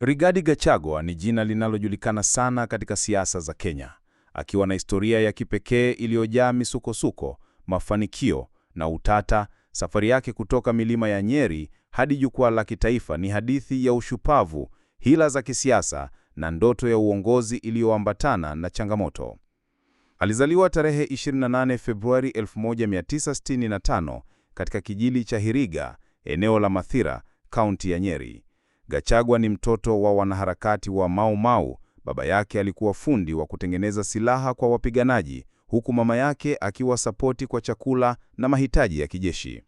Rigathi Gachagua ni jina linalojulikana sana katika siasa za Kenya, akiwa na historia ya kipekee iliyojaa misukosuko, mafanikio na utata. Safari yake kutoka milima ya Nyeri hadi jukwaa la kitaifa ni hadithi ya ushupavu, hila za kisiasa na ndoto ya uongozi iliyoambatana na changamoto. Alizaliwa tarehe 28 Februari 1965 katika kijiji cha Hiriga, eneo la Mathira, kaunti ya Nyeri. Gachagua ni mtoto wa wanaharakati wa Mau Mau. Baba yake alikuwa fundi wa kutengeneza silaha kwa wapiganaji, huku mama yake akiwa sapoti kwa chakula na mahitaji ya kijeshi.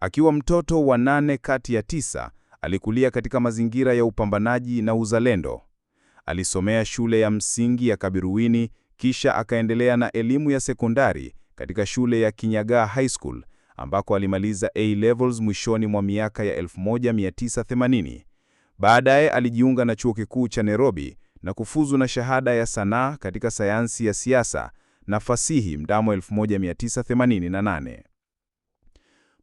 Akiwa mtoto wa nane kati ya tisa, alikulia katika mazingira ya upambanaji na uzalendo. Alisomea shule ya msingi ya Kabiruini, kisha akaendelea na elimu ya sekondari katika shule ya Kinyagaa High School ambako alimaliza A levels mwishoni mwa miaka ya 1980. Baadaye alijiunga na chuo kikuu cha Nairobi na kufuzu na shahada ya sanaa katika sayansi ya siasa na fasihi mnamo 1988.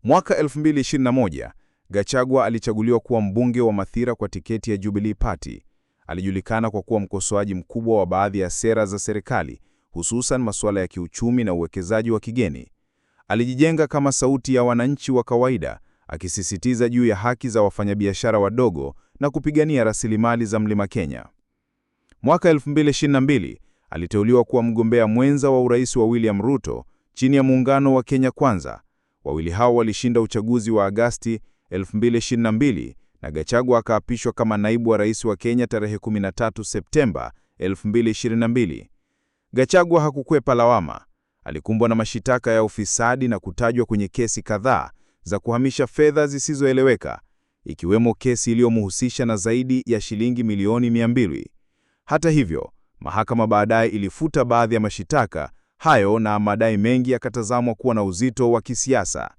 Mwaka 2021, Gachagua alichaguliwa kuwa mbunge wa Mathira kwa tiketi ya Jubilee Party. Alijulikana kwa kuwa mkosoaji mkubwa wa baadhi ya sera za serikali, hususan masuala ya kiuchumi na uwekezaji wa kigeni. Alijijenga kama sauti ya wananchi wa kawaida, akisisitiza juu ya haki za wafanyabiashara wadogo na kupigania rasilimali za Mlima Kenya. Mwaka 2022 aliteuliwa kuwa mgombea mwenza wa urais wa William Ruto chini ya muungano wa Kenya Kwanza. Wawili hao walishinda uchaguzi wa Agasti 2022 na Gachagua akaapishwa kama naibu wa rais wa Kenya tarehe 13 Septemba 2022. Gachagua hakukwepa lawama. Alikumbwa na mashitaka ya ufisadi na kutajwa kwenye kesi kadhaa za kuhamisha fedha zisizoeleweka ikiwemo kesi iliyomhusisha na zaidi ya shilingi milioni 200. Hata hivyo, mahakama baadaye ilifuta baadhi ya mashitaka hayo na madai mengi yakatazamwa kuwa na uzito wa kisiasa.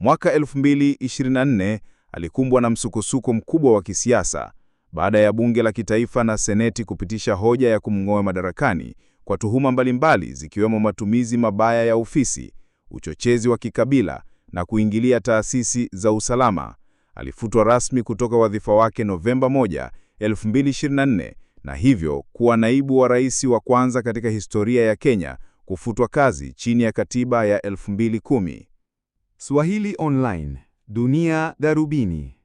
Mwaka 2024 alikumbwa na msukosuko mkubwa wa kisiasa baada ya bunge la kitaifa na seneti kupitisha hoja ya kumng'oa madarakani kwa tuhuma mbalimbali zikiwemo matumizi mabaya ya ofisi, uchochezi wa kikabila na kuingilia taasisi za usalama alifutwa rasmi kutoka wadhifa wake Novemba 1, 2024 na hivyo kuwa naibu wa rais wa kwanza katika historia ya Kenya kufutwa kazi chini ya katiba ya 2010. Swahili Online, Dunia Darubini.